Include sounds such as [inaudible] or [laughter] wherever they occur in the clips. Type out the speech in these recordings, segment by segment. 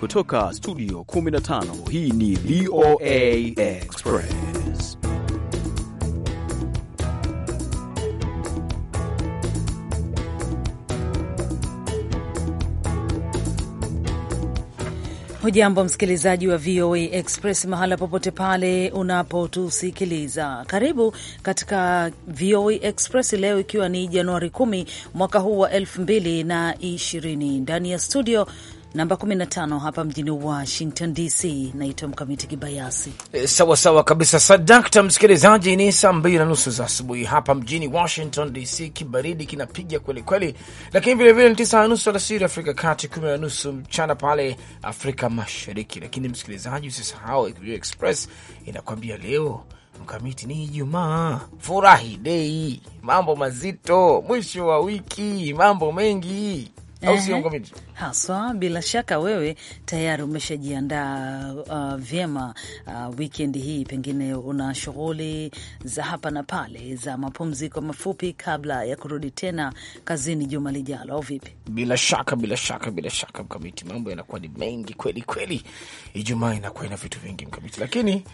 Kutoka studio 15 hii ni VOA Express. Hujambo msikilizaji wa VOA Express mahala popote pale unapotusikiliza, karibu katika VOA Express leo, ikiwa ni Januari 10 mwaka huu wa 2020 ndani ya studio namba 15 hapa mjini Washington DC. Naitwa Mkamiti Kibayasi. E, sawa sawa kabisa sadakta msikilizaji, ni saa mbili na nusu za asubuhi hapa mjini Washington DC. Kibaridi kinapiga kwelikweli, lakini vilevile ni tisa na nusu alasiri Afrika Kati, kumi na nusu mchana pale Afrika Mashariki. Lakini msikilizaji, usisahau Express inakuambia leo Mkamiti ni Ijumaa, furahi dei, mambo mazito, mwisho wa wiki, mambo mengi au sio? Haswa, bila shaka wewe tayari umeshajiandaa uh, vyema uh, wikendi hii, pengine una shughuli za hapa na pale za mapumziko mafupi kabla ya kurudi tena kazini juma lijalo, au vipi? Bila shaka, bila shaka, bila shaka Mkamiti, mambo yanakuwa ni mengi kweli kweli, Ijumaa inakuwa ina vitu vingi Mkamiti, lakini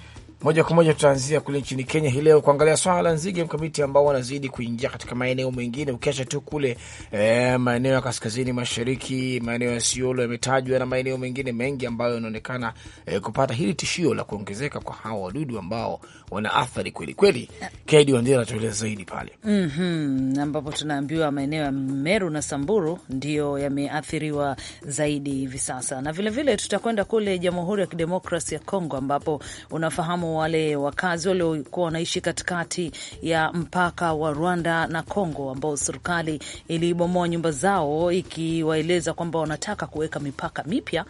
moja kwa moja tutaanzia kule nchini Kenya hii leo kuangalia swala la nzige mkamiti ambao wanazidi kuingia katika maeneo mengine, ukiacha tu kule e, maeneo ya kaskazini mashariki, maeneo ya Siolo yametajwa na maeneo mengine mengi ambayo yanaonekana e, kupata hili tishio la kuongezeka kwa hawa wadudu ambao wana athari kweli kweli. Kedi Wandera anatueleza zaidi pale, mm-hmm, ambapo tunaambiwa maeneo ya Meru na Samburu ndiyo yameathiriwa zaidi hivi sasa, na vilevile tutakwenda kule Jamhuri ya Kidemokrasi ya Kongo ambapo unafahamu wale wakazi waliokuwa wanaishi katikati ya mpaka wa Rwanda na congo ambao serikali ilibomoa nyumba zao ikiwaeleza kwamba wanataka kuweka mipaka mipya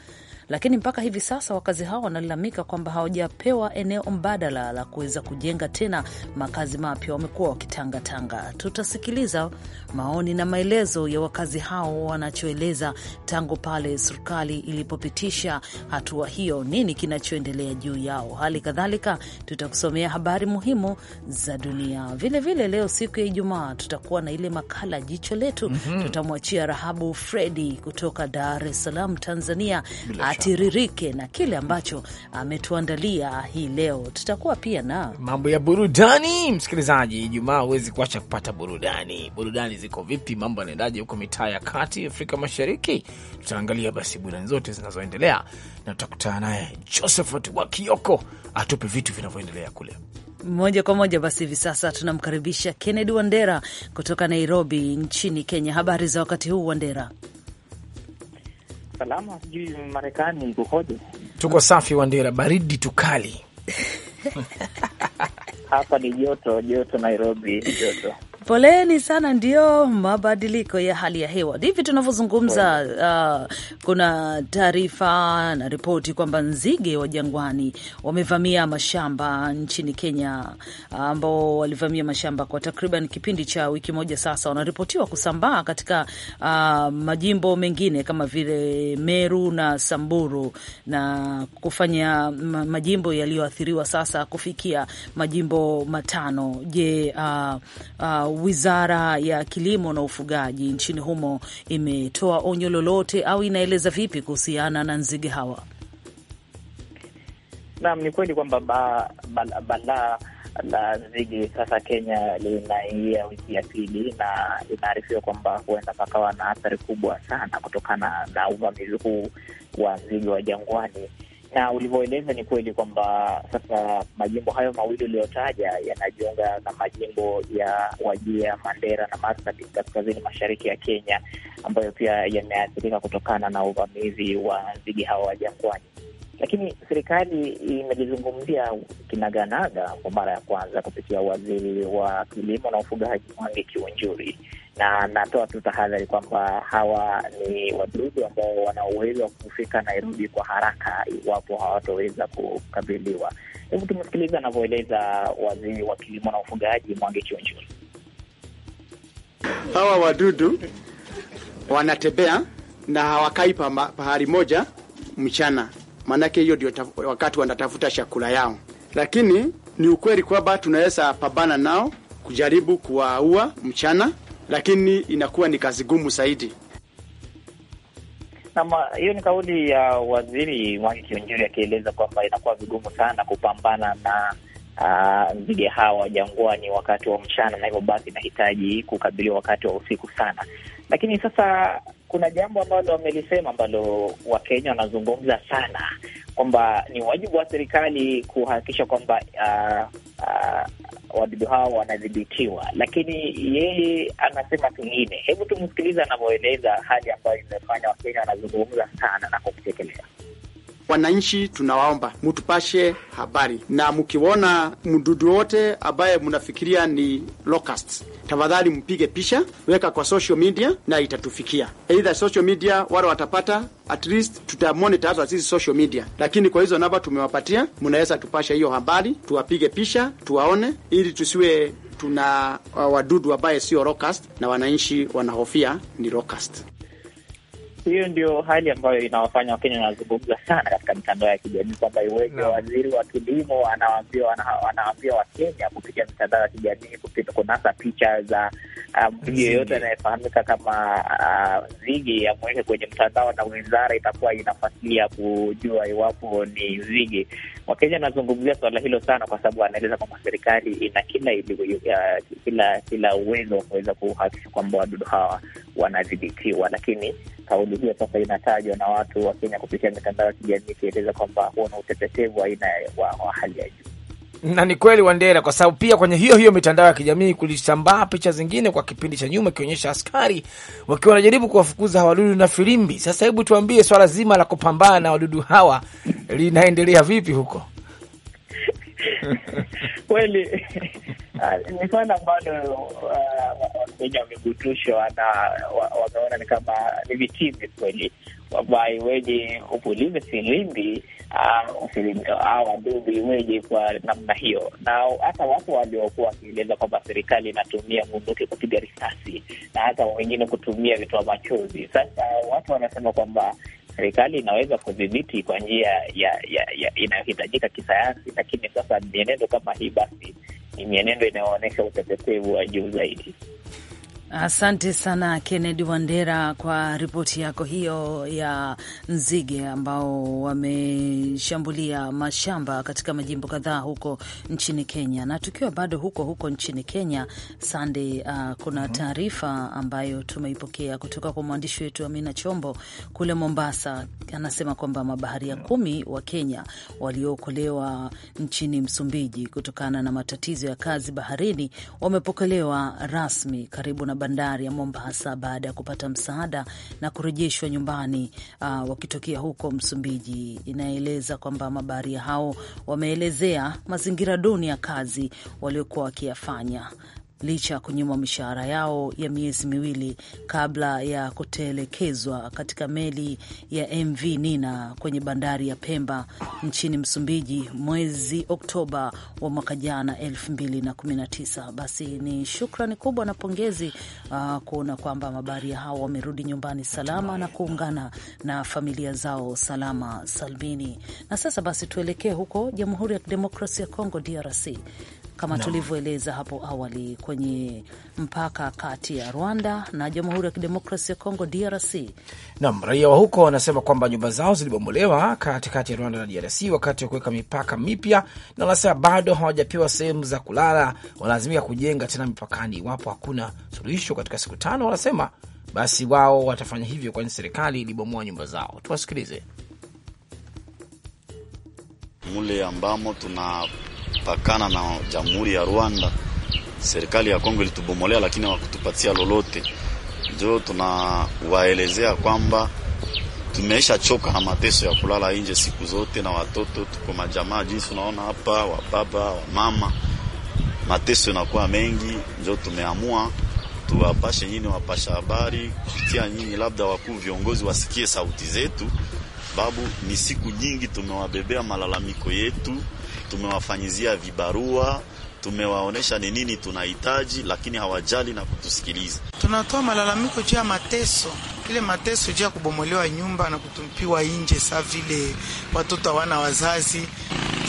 lakini mpaka hivi sasa wakazi hao wanalalamika kwamba hawajapewa eneo mbadala la kuweza kujenga tena makazi mapya, wamekuwa wakitangatanga. Tutasikiliza maoni na maelezo ya wakazi hao wanachoeleza tangu pale serikali ilipopitisha hatua hiyo, nini kinachoendelea juu yao. Hali kadhalika tutakusomea habari muhimu za dunia vilevile vile. Leo siku ya Ijumaa tutakuwa na ile makala jicho letu mm -hmm. Tutamwachia Rahabu Fredi kutoka Dar es Salaam, Tanzania. Bila atiririke na kile ambacho ametuandalia hii leo. Tutakuwa pia na mambo ya burudani. Msikilizaji, Ijumaa huwezi kuacha kupata burudani. Burudani ziko vipi? Mambo yanaendaje huko mitaa ya kati Afrika Mashariki? Tutaangalia basi burudani zote zinazoendelea na tutakutana naye Josephat Wakioko atupe vitu vinavyoendelea kule moja kwa moja. Basi hivi sasa tunamkaribisha Kennedy Wandera kutoka Nairobi nchini Kenya. Habari za wakati huu, Wandera? salama, sijui Marekani kukoje? Tuko safi, Wandera, baridi tukali hapa ni joto joto, Nairobi joto Poleni sana, ndio mabadiliko ya hali ya hewa. Hivi tunavyozungumza, uh, kuna taarifa na ripoti kwamba nzige wa jangwani wamevamia mashamba nchini Kenya, ambao walivamia mashamba kwa takriban kipindi cha wiki moja sasa. Wanaripotiwa kusambaa katika uh, majimbo mengine kama vile Meru na Samburu na kufanya majimbo yaliyoathiriwa sasa kufikia majimbo matano. Je, uh, uh, wizara ya kilimo na ufugaji nchini humo imetoa onyo lolote au inaeleza vipi kuhusiana na nzige hawa? Naam, ni kweli kwamba balaa bala la nzige sasa Kenya linaingia wiki ya pili, na inaarifiwa kwamba huenda pakawa na athari kubwa sana kutokana na uvamizi huu wa nzige wa jangwani na ulivyoeleza ni kweli kwamba sasa majimbo hayo mawili uliyotaja yanajiunga na majimbo ya Wajia, Mandera na Marsabit kaskazini mashariki ya Kenya, ambayo pia yameathirika kutokana na uvamizi wa nzige hawa wa jangwani. Lakini serikali imejizungumzia kinaganaga kwa mara ya kwanza kupitia waziri wa kilimo na ufugaji Mwangi Kiunjuri na natoa tu tahadhari kwamba hawa ni wadudu ambao wana uwezo wa kufika Nairobi kwa haraka iwapo hawatoweza kukabiliwa. Hebu tumesikiliza anavyoeleza waziri wa kilimo na ufugaji Mwangi Chunchuri. Hawa wadudu wanatembea na hawakai pahali moja mchana, maanake hiyo ndio wakati wanatafuta chakula yao, lakini ni ukweli kwamba tunaweza pambana nao kujaribu kuwaua mchana lakini inakuwa ni kazi gumu zaidi. Nam, ah, hiyo ni kauli ya uh, waziri Mwangi Kionjuri akieleza kwamba inakuwa vigumu sana kupambana na ah, nzige uh, hawa jangwani wakati wa mchana, na hivyo basi inahitaji kukabiliwa wakati wa usiku sana. Lakini sasa kuna jambo ambalo wamelisema ambalo Wakenya wanazungumza sana kwamba ni wajibu wa serikali kuhakikisha kwamba uh, uh, wadudu hao wanadhibitiwa, lakini yeye anasema kingine. Hebu tumsikiliza anavyoeleza hali ambayo imefanya Wakenya wanazungumza sana na kumtekelea wananchi tunawaomba mutupashe habari, na mkiona mdudu wote ambaye mnafikiria ni locust, tafadhali mpige picha, weka kwa social media na itatufikia. Either social media wale watapata, at least tutamonita hata sisi social media, lakini kwa hizo namba tumewapatia, mnaweza tupasha hiyo habari, tuwapige picha, tuwaone, ili tusiwe tuna uh, wadudu ambaye sio locust na wananchi wanahofia ni locust hiyo ndio hali ambayo inawafanya Wakenya wanazungumza sana katika mitandao ya kijamii kwamba iweje no. waziri wa kilimo anawaambia Wakenya kupitia mitandao ya kijamii kunasa picha za mtu um, yeyote anayefahamika kama uh, zigi amweke kwenye mtandao na wizara itakuwa inafuatilia kujua iwapo ni zigi Wakenya anazungumzia suala hilo sana, kwa sababu anaeleza kwamba serikali ina kila uh, kila kila uwezo wa kuweza kuhakikisha kwamba wadudu hawa wanadhibitiwa, lakini kauli hiyo sasa inatajwa na watu wa Kenya kupitia mitandao ya kijamii ikieleza kwamba huo na utepetevu aina wa hali ya juu. Na ni kweli Wandera, kwa sababu pia kwenye hiyo hiyo mitandao ya kijamii kulisambaa picha zingine kwa kipindi cha nyuma ikionyesha askari wakiwa wanajaribu kuwafukuza hawa wadudu na filimbi. Sasa hebu tuambie, swala zima la kupambana na wadudu hawa linaendelea vipi huko? [laughs] Kweli [laughs] ah, ni swala ambalo ah, Wakenya wamegutushwa na wameona ni kama ni vitimbi kweli wabai weje upulize filimbi au uh, weje kwa namna hiyo. Na hata watu waliokuwa wakieleza kwamba serikali inatumia bunduki kupiga risasi na hata wengine kutumia vitoa machozi. Sasa watu wanasema kwamba serikali inaweza kudhibiti kwa njia ya, ya, ya inayohitajika kisayansi, lakini sasa mienendo kama hii basi ni mienendo inayoonyesha utepetevu wa juu zaidi. Asante sana Kennedy Wandera kwa ripoti yako hiyo ya nzige ambao wameshambulia mashamba katika majimbo kadhaa huko nchini Kenya. Na tukiwa bado huko huko nchini Kenya, Sande, uh, kuna mhm. taarifa ambayo tumeipokea kutoka kwa mwandishi wetu Amina Chombo kule Mombasa. Anasema kwamba mabaharia kumi wa Kenya waliookolewa nchini Msumbiji kutokana na matatizo ya kazi baharini wamepokelewa rasmi karibu na bandari ya Mombasa baada ya kupata msaada na kurejeshwa nyumbani uh, wakitokea huko Msumbiji. Inaeleza kwamba mabaharia hao wameelezea mazingira duni ya kazi waliokuwa wakiyafanya licha ya kunyimwa mishahara yao ya miezi miwili kabla ya kutelekezwa katika meli ya MV Nina kwenye bandari ya Pemba nchini Msumbiji mwezi Oktoba wa mwaka jana 2019. Basi ni shukrani kubwa na pongezi uh, kuona kwamba mabaharia hao wamerudi nyumbani salama na kuungana na familia zao salama salmini. Na sasa basi tuelekee huko Jamhuri ya Kidemokrasia ya Kongo, DRC kama tulivyoeleza hapo awali, kwenye mpaka kati ya Rwanda na Jamhuri ya Kidemokrasi ya Kongo, DRC. Naam, raia wa huko wanasema kwamba nyumba zao zilibomolewa katikati ya Rwanda na DRC wakati wa kuweka mipaka mipya, na wanasema bado hawajapewa sehemu za kulala, wanalazimika kujenga tena mipakani. Iwapo hakuna suluhisho katika siku tano, wanasema basi wao watafanya hivyo, kwani serikali ilibomoa nyumba zao. Tuwasikilize mule ambamo tuna pakana na Jamhuri ya Rwanda. Serikali ya Kongo ilitubomolea, lakini hawakutupatia lolote. Ndio tunawaelezea kwamba tumeisha choka na mateso ya kulala nje siku zote na watoto, tuko majamaa jinsi unaona hapa, wa baba wa mama, mateso inakuwa mengi. Ndio tumeamua tuwapashe nyinyi wapasha habari kupitia nyinyi, labda wakuu viongozi wasikie sauti zetu, babu ni siku nyingi tumewabebea malalamiko yetu tumewafanyizia vibarua, tumewaonyesha ni nini tunahitaji, lakini hawajali na kutusikiliza. Tunatoa malalamiko juu ya mateso, ile mateso juu ya kubomolewa nyumba na kutumpiwa nje, saa vile watoto hawana wazazi,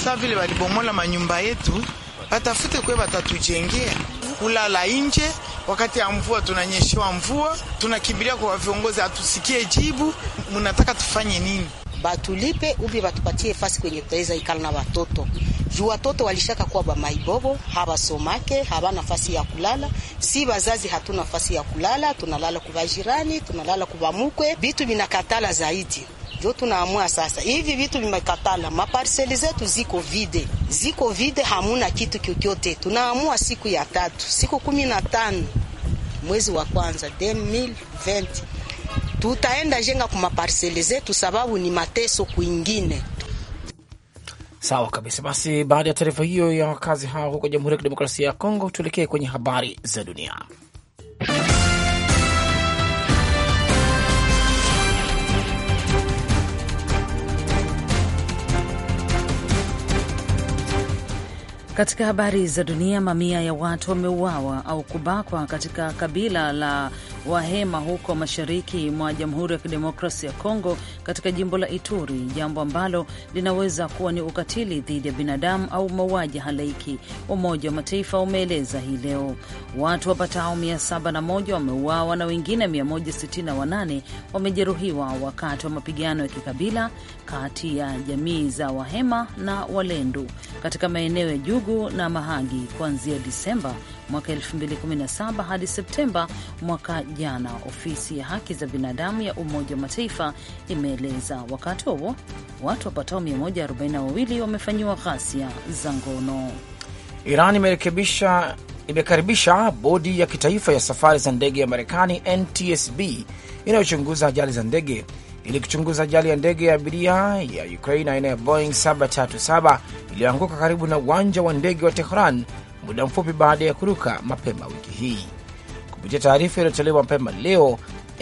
saa vile walibomola manyumba yetu, watafute kwe watatujengea kulala nje wakati ya mvua, tunanyeshewa mvua, tunakimbilia kwa viongozi, atusikie jibu. Mnataka tufanye nini? batulipe ubi batupatie fasi kwenye tutaweza ikala na watoto juu watoto walishaka kuwa bamaibobo habasomake haba nafasi ya kulala. Si wazazi hatuna nafasi ya kulala, tunalala kuva jirani, tunalala kuva mukwe. Vitu vinakatala zaidi, ndio tunaamua sasa hivi vitu vimekatala. Maparseli zetu ziko vide, ziko vide, hamuna kitu kyokyote. Tunaamua siku ya tatu, siku kumi na tano mwezi wa kwanza 2020 tutaenda jenga kumaparsele zetu, sababu ni mateso kwingine. Sawa kabisa. Basi baada ya taarifa hiyo ya wakazi hao huko Jamhuri ya Kidemokrasia ya Kongo, tuelekee kwenye habari za dunia. Katika habari za dunia, mamia ya watu wameuawa au kubakwa katika kabila la Wahema huko mashariki mwa Jamhuri ya Kidemokrasia ya Kongo katika jimbo la Ituri, jambo ambalo linaweza kuwa ni ukatili dhidi ya binadamu au mauaji halaiki. Umoja wa Mataifa umeeleza hii leo watu wapatao 701 wameuawa na wengine 168 wamejeruhiwa wakati wa mapigano ya kikabila kati ya jamii za Wahema na Walendu katika maeneo ya Jugu na Mahagi kuanzia Disemba mwaka 2017 hadi Septemba mwaka jana, ofisi ya haki za binadamu ya Umoja wa Mataifa imeeleza wakati huo watu wapatao 142 wamefanyiwa ghasia za ngono. Iran imerekebisha imekaribisha bodi ya kitaifa ya safari za ndege ya Marekani NTSB inayochunguza ajali za ndege ili kuchunguza ajali ya ndege ya abiria ya Ukraine aina ya Boeing 737 iliyoanguka karibu na uwanja wa ndege wa Tehran muda mfupi baada ya kuruka mapema wiki hii. Kupitia taarifa iliyotolewa mapema leo,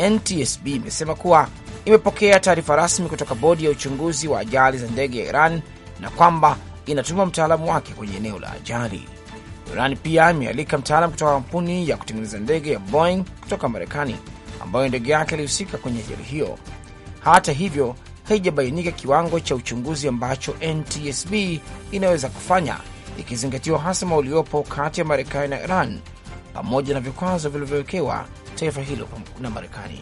NTSB imesema kuwa imepokea taarifa rasmi kutoka bodi ya uchunguzi wa ajali za ndege ya Iran na kwamba inatuma mtaalamu wake kwenye eneo la ajali. Iran pia imealika mtaalamu kutoka kampuni ya kutengeneza ndege ya Boeing kutoka Marekani ambayo ndege yake ilihusika kwenye ajali hiyo. Hata hivyo, haijabainika kiwango cha uchunguzi ambacho NTSB inaweza kufanya, ikizingatiwa hasama uliopo kati ya Marekani na Iran pamoja na vikwazo vilivyowekewa taifa hilo na Marekani.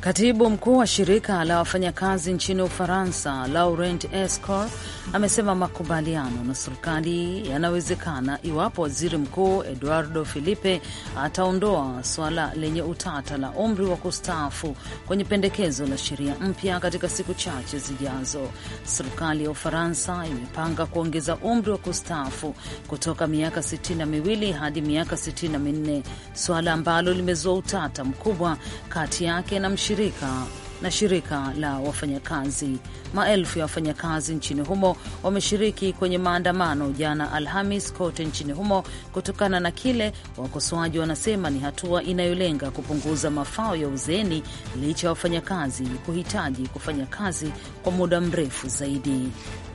Katibu mkuu wa shirika la wafanyakazi nchini Ufaransa, Laurent Escor, amesema makubaliano na serikali yanawezekana iwapo waziri mkuu Eduardo Filipe ataondoa suala lenye utata la umri wa kustaafu kwenye pendekezo la sheria mpya katika siku chache zijazo. Serikali ya Ufaransa imepanga kuongeza umri wa kustaafu kutoka miaka sitini na miwili hadi miaka sitini na minne, suala ambalo limezua utata mkubwa kati yake na shirika na shirika la wafanyakazi. Maelfu ya wafanyakazi nchini humo wameshiriki kwenye maandamano jana Alhamis kote nchini humo kutokana na kile wakosoaji wanasema ni hatua inayolenga kupunguza mafao ya uzeeni licha ya wafanyakazi kuhitaji kufanya kazi kwa muda mrefu zaidi.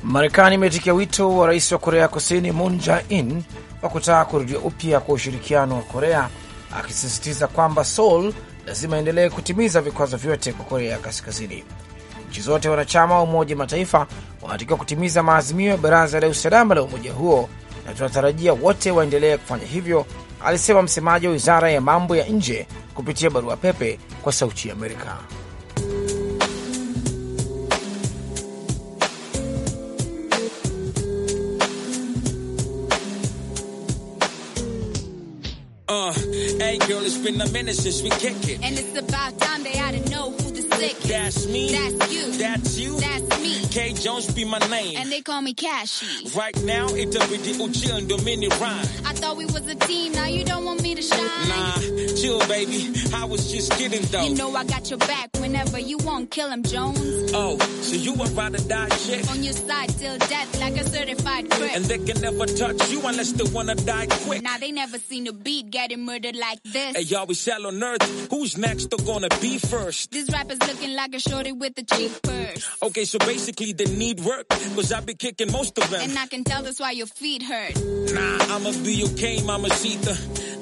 Marekani imeitikia wito wa rais wa Korea Kusini Moon Jae-in wa kutaka kurudia upya kwa ushirikiano wa Korea, akisisitiza kwamba Seoul lazima endelee kutimiza vikwazo vyote kwa Korea ya Kaskazini. Nchi zote wanachama wa Umoja Mataifa wanatakiwa kutimiza maazimio ya Baraza la Usalama la umoja huo, na tunatarajia wote waendelee kufanya hivyo, alisema msemaji wa wizara ya mambo ya nje kupitia barua pepe kwa Sauti ya Amerika. Girl, it's been a minute since we kicked it. And it's about time they had to know Slick. That's me. That's you. That's you. That's me. K Jones be my name. And they call me Cashy. Right now, it's a video chill and mini rhyme. I thought we was a team, now you don't want me to shine. Nah, chill, baby. I was just kidding, though. You know I got your back whenever you want. Kill him, Jones. Oh, so you about to die Shit. On your side till death, like a certified crip. And they can never touch you unless they wanna die quick. Now they never seen a beat getting murdered like this. Hey, y'all, we shall on earth. Who's next? They're gonna be first. These rappers look looking like a shorty with a cheap purse. Okay, so basically they need work, cause be kicking most of them. And I can tell that's why your feet hurt. Nah, I'ma be okay, Mama Sita.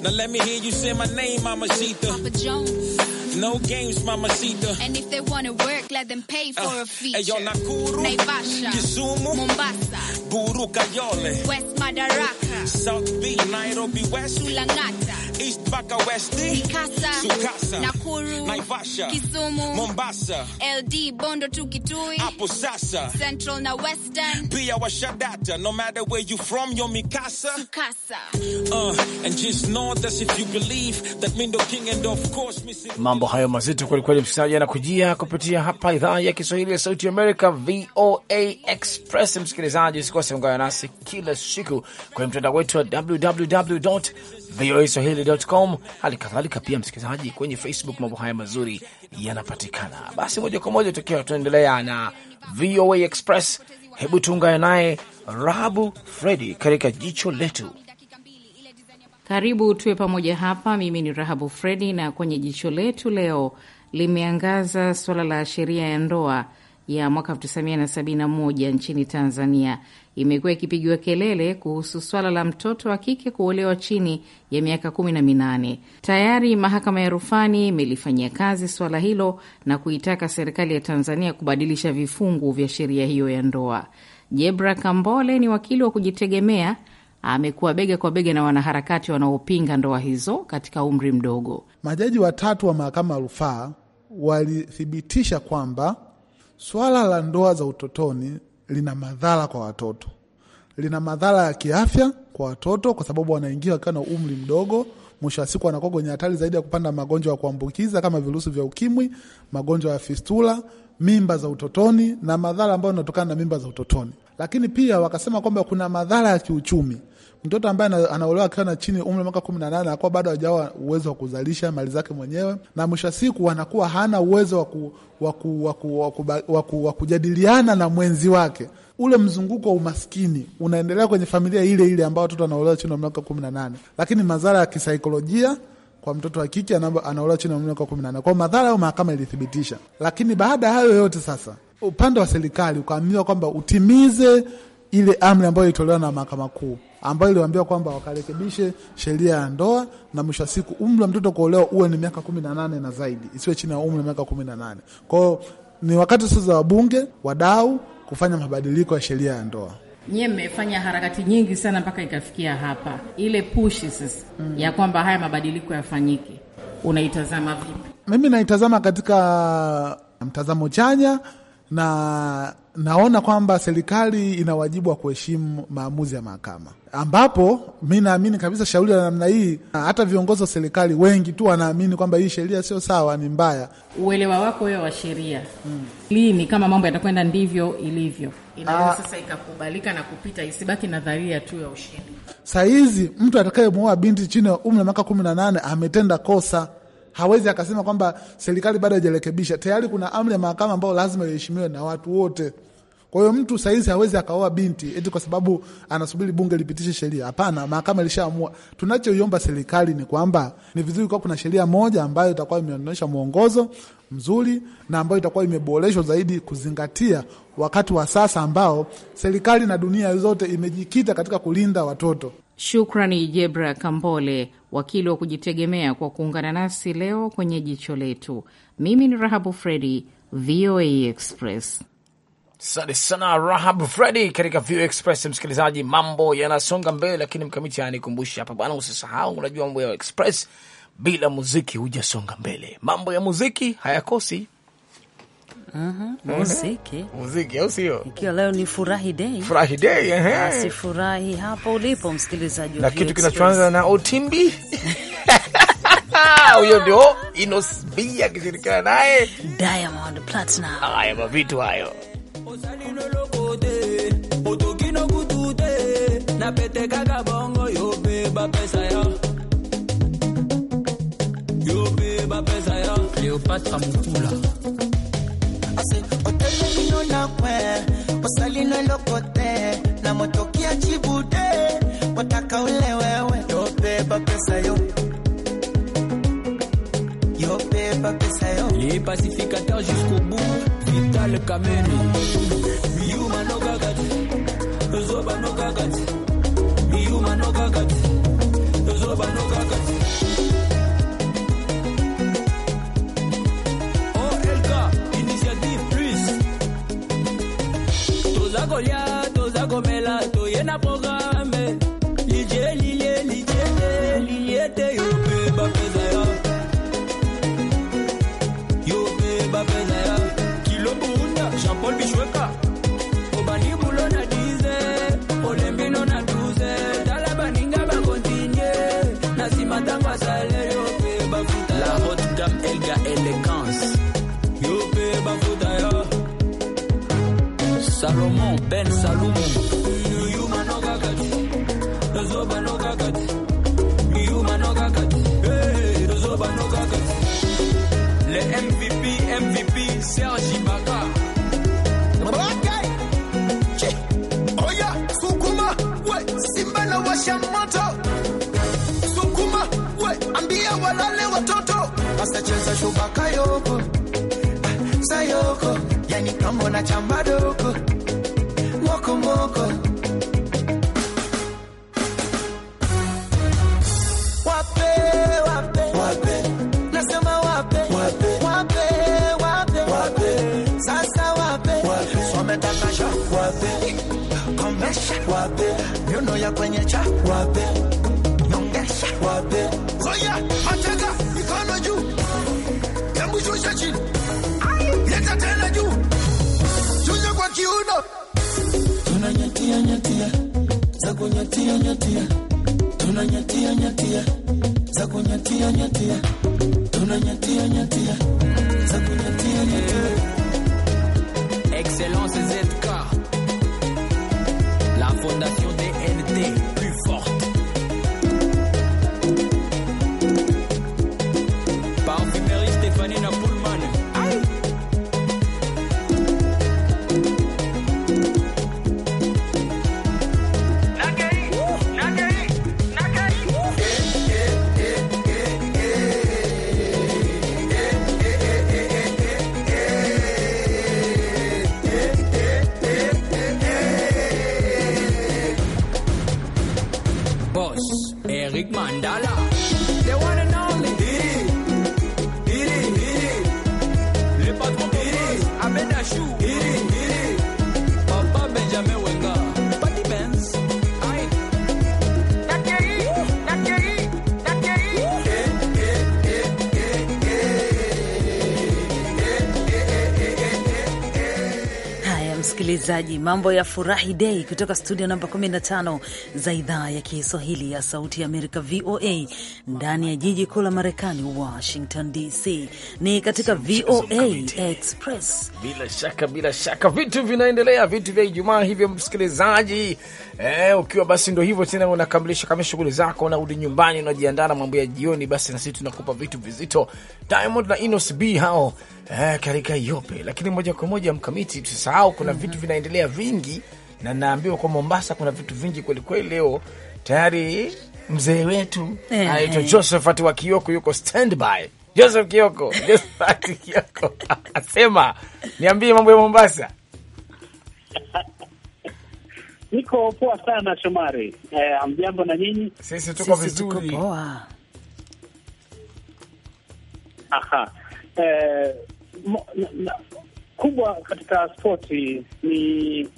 Now let me hear you say my name, Mama Sita. Papa Jones. No games, Mama Sita. And if they wanna work, let them pay for uh, a feature. Hey, Nakuru, Naivasha, Kisumu, Mombasa, Buru Kayole, eh. West Madaraka, South Beach, Nairobi West, Sulangata. east mpaka west, Mikasa, Sukasa, Nakuru, Naivasha, Kisumu, Mombasa, LD, Bondo tu Kitui, hapo sasa Central na Western, pia washadata, no matter where you from, your Mikasa, Sukasa. Uh, and just know that if you believe that Mindo King and of course Miss... Mambo hayo mazito kweli kweli, msikilizaji, anakujia kupitia hapa idhaa ya Kiswahili ya Sauti America, VOA Express. Msikilizaji, usikose, ungana nasi kila siku kwenye mtandao wetu wa www.voaswahili gmail.com. hali kadhalika pia msikilizaji kwenye Facebook. Mambo haya mazuri yanapatikana. Basi moja kwa moja tukiwa tunaendelea na VOA Express, hebu tuungane naye Rahabu Fredi katika jicho letu. Karibu tuwe pamoja hapa. Mimi ni Rahabu Fredi, na kwenye jicho letu leo limeangaza suala la sheria ya ndoa ya mwaka 1971 nchini Tanzania imekuwa ikipigiwa kelele kuhusu swala la mtoto wa kike kuolewa chini ya miaka kumi na minane. Tayari mahakama ya rufani imelifanyia kazi swala hilo na kuitaka serikali ya Tanzania kubadilisha vifungu vya sheria hiyo ya ndoa. Jebra Kambole ni wakili wa kujitegemea, amekuwa bega kwa bega na wanaharakati wanaopinga ndoa hizo katika umri mdogo. Majaji watatu wa mahakama ya rufaa walithibitisha kwamba swala la ndoa za utotoni lina madhara kwa watoto, lina madhara ya kiafya kwa watoto, kwa sababu wanaingia wakiwa na umri mdogo. Mwisho wa siku wanakuwa kwenye hatari zaidi ya kupanda magonjwa ya kuambukiza kama virusi vya ukimwi, magonjwa ya fistula, mimba za utotoni na madhara ambayo yanatokana na mimba za utotoni. Lakini pia wakasema kwamba kuna madhara ya kiuchumi. Mtoto ambaye anaolewa akiwa na chini umri wa miaka nane anakuwa bado hajawa uwezo wa kuzalisha mali zake mwenyewe, na mwisho siku anakuwa hana uwezo wa kujadiliana na mwenzi wake. Ule mzunguko wa umaskini unaendelea kwenye familia ile ile ambayo watoto anaolewa chini ya miaka nane. lakini madhara ya kisaikolojia kwa mtoto wa kike anaolewa chini ya umri wa miaka 18. Kwa madhara hayo mahakama ilithibitisha, lakini baada ya hayo yote sasa upande wa serikali ukaambiwa kwamba utimize ile amri ambayo ilitolewa na mahakama kuu ambayo iliwaambia kwamba wakarekebishe sheria ya ndoa na mwisho wa siku umri wa mtoto kuolewa uwe ni miaka kumi na nane na zaidi, isiwe chini ya umri wa miaka kumi na nane. Kwao ni wakati sasa wabunge, wadau kufanya mabadiliko ya sheria ya ndoa. Nyie mmefanya harakati nyingi sana mpaka ikafikia hapa, ile pushi sasa mm, ya kwamba haya mabadiliko yafanyike, unaitazama vipi? Mimi naitazama katika mtazamo chanya na naona kwamba serikali ina wajibu wa kuheshimu maamuzi ya mahakama, ambapo mi naamini kabisa shauri la namna hii, hata viongozi wa serikali wengi tu wanaamini kwamba hii sheria sio sawa, ni mbaya. Uelewa wako wewe wa sheria hmm, lini kama mambo yatakwenda ndivyo ilivyo inaweza ah. sasa ikakubalika na kupita, isibaki nadharia tu ya ushindi. Saa hizi mtu atakayemwoa binti chini ya umri wa miaka kumi na nane ametenda kosa hawezi akasema kwamba serikali bado haijarekebisha. Tayari kuna amri ya mahakama ambayo lazima iheshimiwe na watu wote. Kwa hiyo mtu saizi hawezi akaoa binti eti kwa sababu anasubiri bunge lipitishe sheria. Hapana, mahakama ilishaamua. Tunachoiomba serikali ni kwamba ni vizuri kwa kuna sheria moja ambayo itakuwa imeonyesha mwongozo mzuri na ambayo itakuwa imeboreshwa zaidi kuzingatia wakati wa sasa ambao serikali na dunia zote imejikita katika kulinda watoto. Shukrani Jebra Kambole, wakili wa kujitegemea, kwa kuungana nasi leo kwenye jicho letu. Mimi ni Rahabu Fredi, VOA Express. Asante sana Rahab Fredi katika View Express. Msikilizaji, mambo yanasonga mbele, lakini mkamiti anikumbusha hapa bwana, usisahau, unajua mambo ya Express bila muziki hujasonga mbele. Mambo ya muziki hayakosi muziki muziki, au sio? Ikiwa leo ni furahi day, furahi day, basi furahi hapo ulipo msikilizaji, na kitu kinachoanza na Otimbi [laughs] huyo ndio Inos B akishirikiana naye Diamond Platinum. Haya mavitu hayo Cleopatra Mutula chochote, otele lino jusqu'au bout vital kamene yeah. Ben Salumu. Le MVP, MVP, Sergi Baka. Oya, sukuma, we, Simba na washa moto. Sukuma, we, ambia walale watoto. Hasa cheza shubaka yoko, ah, sayoko, yani kambo na chamba doko wape komesha wape ya kwenye cha wape nyatia nyatia za kunyatia nyatia tuna nyatia nyatia za kunyatia nyatia tuna nyatia nyatia za kunyatia nyatia Excellence ZK La Fondation msikilizaji, mambo ya furahi dei kutoka studio namba 15 za idhaa ya Kiswahili ya Sauti ya Amerika, VOA, ndani ya jiji kuu la Marekani, Washington DC. Ni katika VOA Express. Bila shaka, bila shaka vitu vinaendelea, vitu vya Ijumaa hivyo, msikilizaji Eh, ukiwa basi ndo hivyo tena, unakamilisha kama shughuli zako, unarudi nyumbani, unajiandaa na mambo ya jioni, basi na sisi tunakupa vitu vizito, Diamond na Inos B hao eh, katika yope. Lakini moja kwa moja mkamiti, tusisahau kuna mm -hmm. vitu vinaendelea vingi, na naambiwa kwa Mombasa kuna vitu vingi kweli kweli. Leo tayari mzee wetu hey, eh. anaitwa hey. Josephat wa Kioko yuko standby. Joseph Kioko, [laughs] Josephat Kioko asema niambie mambo ya Mombasa [laughs] Niko poa sana Shomari. Eh, amjambo na nyinyi? Sisi tuko vizuri. Poa. Aha. Eh, mo, na, na, kubwa katika spoti ni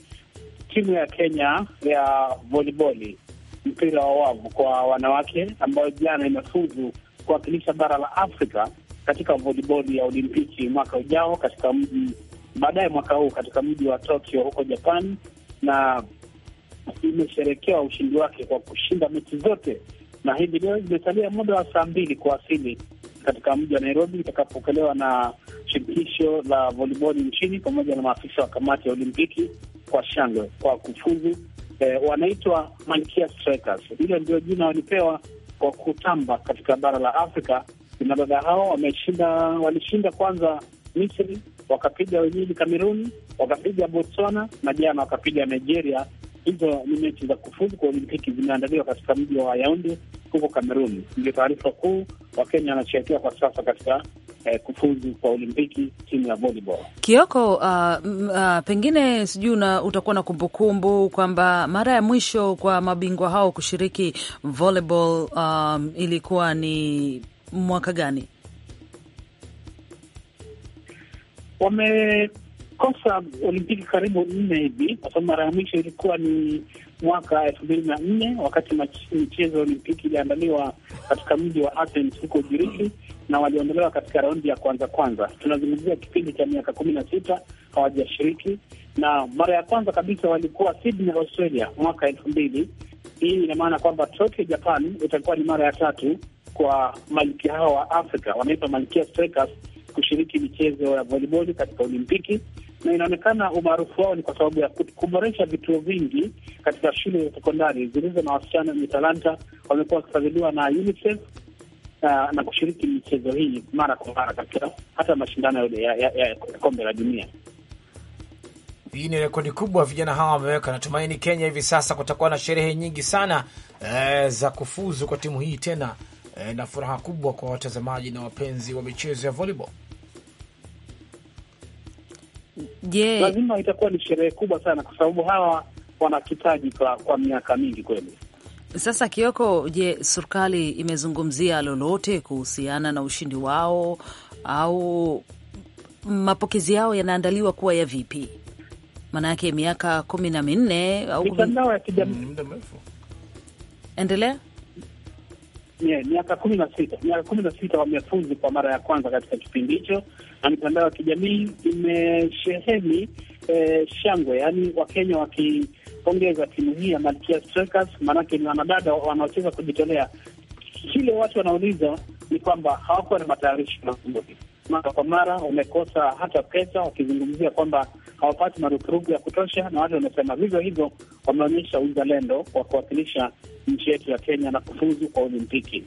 timu ya Kenya ya voliboli mpira wa wavu kwa wanawake ambayo jana imefuzu kuwakilisha bara la Afrika katika voliboli ya Olimpiki mwaka ujao katika mji baadaye mwaka huu katika mji wa Tokyo huko Japan, na imesherekea ushindi wake kwa kushinda mechi zote, na hivi leo imesalia muda wa saa mbili kuwasili katika mji wa Nairobi itakapokelewa na shirikisho la voliboli nchini pamoja na maafisa wa kamati ya Olimpiki kwa shangwe kwa kufuzu. Eh, wanaitwa Malkia Strikers. Hilo ndio jina walipewa kwa kutamba katika bara la Afrika. Vinadada hao wameshinda, walishinda kwanza Misri, wakapiga wenyeji Kameruni, wakapiga Botswana na jana wakapiga Nigeria Hizo ni mechi za kufuzu kwa Olimpiki zimeandaliwa katika mji wa Yaounde huko Kamerun. Ndio taarifa kuu. Wakenya wanasherekea kwa sasa katika eh, kufuzu kwa Olimpiki timu ya volleyball. Kioko, uh, uh, pengine sijui utakuwa na kumbukumbu kwamba mara ya mwisho kwa mabingwa hao kushiriki volleyball um, ilikuwa ni mwaka gani? wame kosa Olimpiki karibu nne hivi, kwa sababu mara ya mwisho ilikuwa ni mwaka elfu mbili na nne wakati michezo ya Olimpiki iliandaliwa katika mji wa Athens huko Ugiriki, na waliondolewa katika raundi ya kwanza kwanza. Tunazungumzia kipindi cha miaka kumi na sita hawajashiriki, na mara ya kwanza kabisa walikuwa Sydney, Australia mwaka elfu mbili. Hii ina maana kwamba Tokyo, Japan itakuwa ni mara ya tatu kwa malkia hawa wa Afrika wanaitwa malkia strikers kushiriki michezo ya volleyball katika Olimpiki na inaonekana umaarufu wao ni kwa sababu ya kuboresha vituo vingi katika shule za sekondari zilizo na wasichana wenye talanta. Wamekuwa wakifadhiliwa na UNICEF na, na kushiriki michezo hii mara kwa mara katika hata mashindano yale ya, ya, ya, ya kombe la dunia. Hii ni rekodi kubwa vijana hawa wameweka. Natumaini Kenya hivi sasa kutakuwa na sherehe nyingi sana e, za kufuzu kwa timu hii tena e, na furaha kubwa kwa watazamaji na wapenzi wa michezo ya volleyball. Je, lazima itakuwa ni sherehe kubwa sana, kwa sababu hawa wanakitaji kwa, kwa miaka mingi kweli. Sasa Kioko, je, serikali imezungumzia lolote kuhusiana na ushindi wao au mapokezi yao yanaandaliwa kuwa ya vipi? Maana yake miaka kumi na minne au mitandao ya kijamii mm, endelea miaka kumi na sita miaka kumi na sita wamefuzu kwa mara ya kwanza katika kipindi hicho na mitandao ya kijamii imesheheni eh, shangwe, yaani Wakenya wakipongeza timu hii ya Malkia Strikers, maanake ni wanadada wanaocheza kujitolea. Kile watu wanauliza ni kwamba hawakuwa na matayarishi mazuri mara kwa mara wamekosa hata pesa, wakizungumzia kwamba hawapati marupurupu ya kutosha, na watu wamesema vivyo hivyo, wameonyesha uzalendo wa kuwakilisha nchi yetu ya Kenya na kufuzu kwa Olimpiki.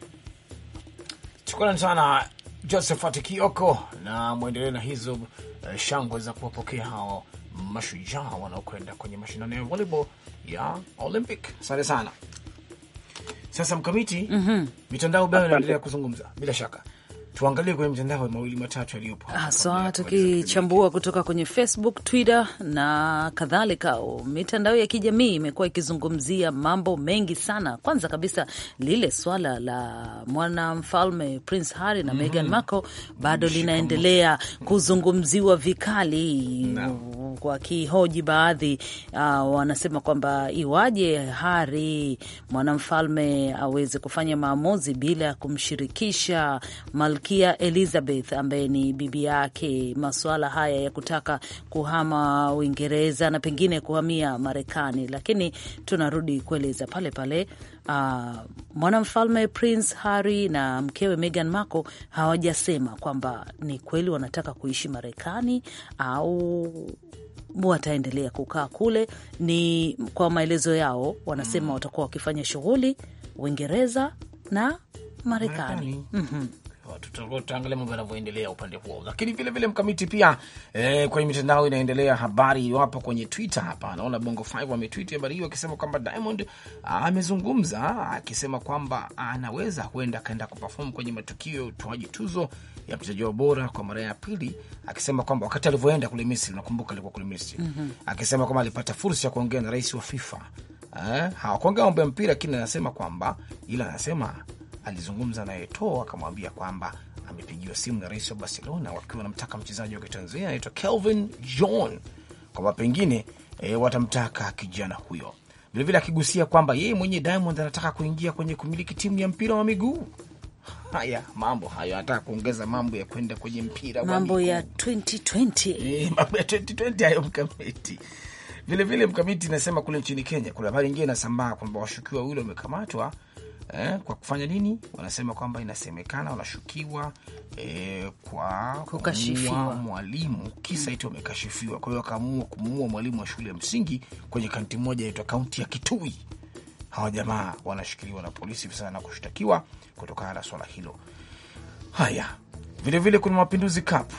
Shukrani sana Josephat Kioko, na mwendelee na hizo uh, shangwe za kuwapokea hao mashujaa wanaokwenda kwenye mashindano ya volleyball ya Olympic. Asante sana. Sasa mkamiti, mm -hmm. mitandao bayo inaendelea kuzungumza bila shaka tuangalie kwenye mtandao mawili matatu yaliyopo haswa, tukichambua kutoka kwenye Facebook, Twitter na kadhalika. Mitandao ya kijamii imekuwa ikizungumzia mambo mengi sana. Kwanza kabisa lile swala la mwanamfalme Prince Harry na mm -hmm. Meghan Markle bado Mshikamu. linaendelea kuzungumziwa vikali no wakihoji baadhi uh, wanasema kwamba iwaje Hari mwanamfalme aweze kufanya maamuzi bila ya kumshirikisha Malkia Elizabeth ambaye ni bibi yake, masuala haya ya kutaka kuhama Uingereza na pengine kuhamia Marekani. Lakini tunarudi kueleza pale pale uh, mwanamfalme Prince Harry na mkewe Meghan Markle hawajasema kwamba ni kweli wanataka kuishi Marekani au wataendelea kukaa kule. Ni kwa maelezo yao, wanasema mm. watakuwa wakifanya shughuli Uingereza na Marekani. mm -hmm hapa, tutaangalia mambo yanavyoendelea upande huo, lakini vile vile mkamiti pia eh, kwenye mitandao inaendelea habari iwapo kwenye Twitter hapa naona Bongo 5 ametweet habari hiyo akisema kwamba Diamond ah, amezungumza akisema kwamba anaweza kwenda kaenda kuperform kwenye matukio ya utoaji tuzo ya mchezaji bora kwa mara ya pili, akisema kwamba wakati alivyoenda kule Misri, nakumbuka alikuwa kule Misri mm -hmm. akisema kwamba alipata fursa ya kuongea na rais wa FIFA eh, hawakuongea mambo ya mpira, lakini anasema kwamba ila anasema alizungumza naye Eto'o akamwambia kwamba amepigiwa simu na rais wa Barcelona wakiwa wanamtaka mchezaji wa kitanzania anaitwa Kelvin John kwamba pengine e, watamtaka kijana huyo vilevile, akigusia kwamba yeye mwenye Diamond anataka kuingia kwenye kumiliki timu ya mpira wa miguu. [laughs] Haya mambo hayo, anataka kuongeza mambo ya kwenda kwenye mpira mambo ya 2020. [laughs] E, eh, mambo ya 2020 hayo mkamiti vilevile, mkamiti inasema kule nchini Kenya kuna habari ingine inasambaa kwamba washukiwa wawili wamekamatwa eh, kwa kufanya nini? Wanasema kwamba inasemekana wanashukiwa eh, kwa kukashifiwa mwalimu, kisa hicho, wamekashifiwa. Kwa hiyo wakaamua kumuua mwalimu wa shule ya msingi kwenye kaunti moja inaitwa kaunti ya Kitui. Hawa jamaa wanashikiliwa na polisi hivi sasa na kushtakiwa kutokana na swala hilo. Haya, vilevile kuna Mapinduzi Cup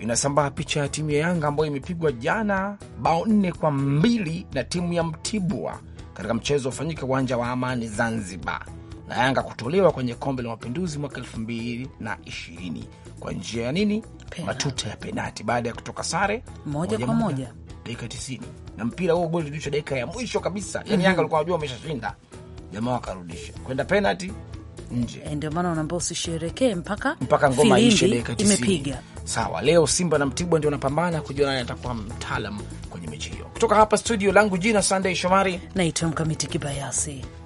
inasambaa picha ya timu ya Yanga ambayo imepigwa jana bao nne kwa mbili na timu ya Mtibwa katika mchezo ufanyika uwanja wa Amani Zanzibar na Yanga kutolewa kwenye kombe la mapinduzi mwaka elfu mbili na ishirini kwa njia ya nini? Pena. Matuta ya penati baada ya kutoka sare moja kwa moja dakika tisini na mpira huo goli rudishwa dakika ya mwisho kabisa, yani mm -hmm. Yanga alikuwa anajua ameshashinda, jamaa wakarudisha kwenda penati nje, eh, ndio maana unaambia usisherekee mpaka mpaka ngoma ishe dakika tisini. Sawa, leo Simba na Mtibwa ndio wanapambana kujua nani atakuwa mtaalam kwenye mechi hiyo. Kutoka hapa studio langu, jina Sunday Shomari, naitwa Mkamiti Kibayasi.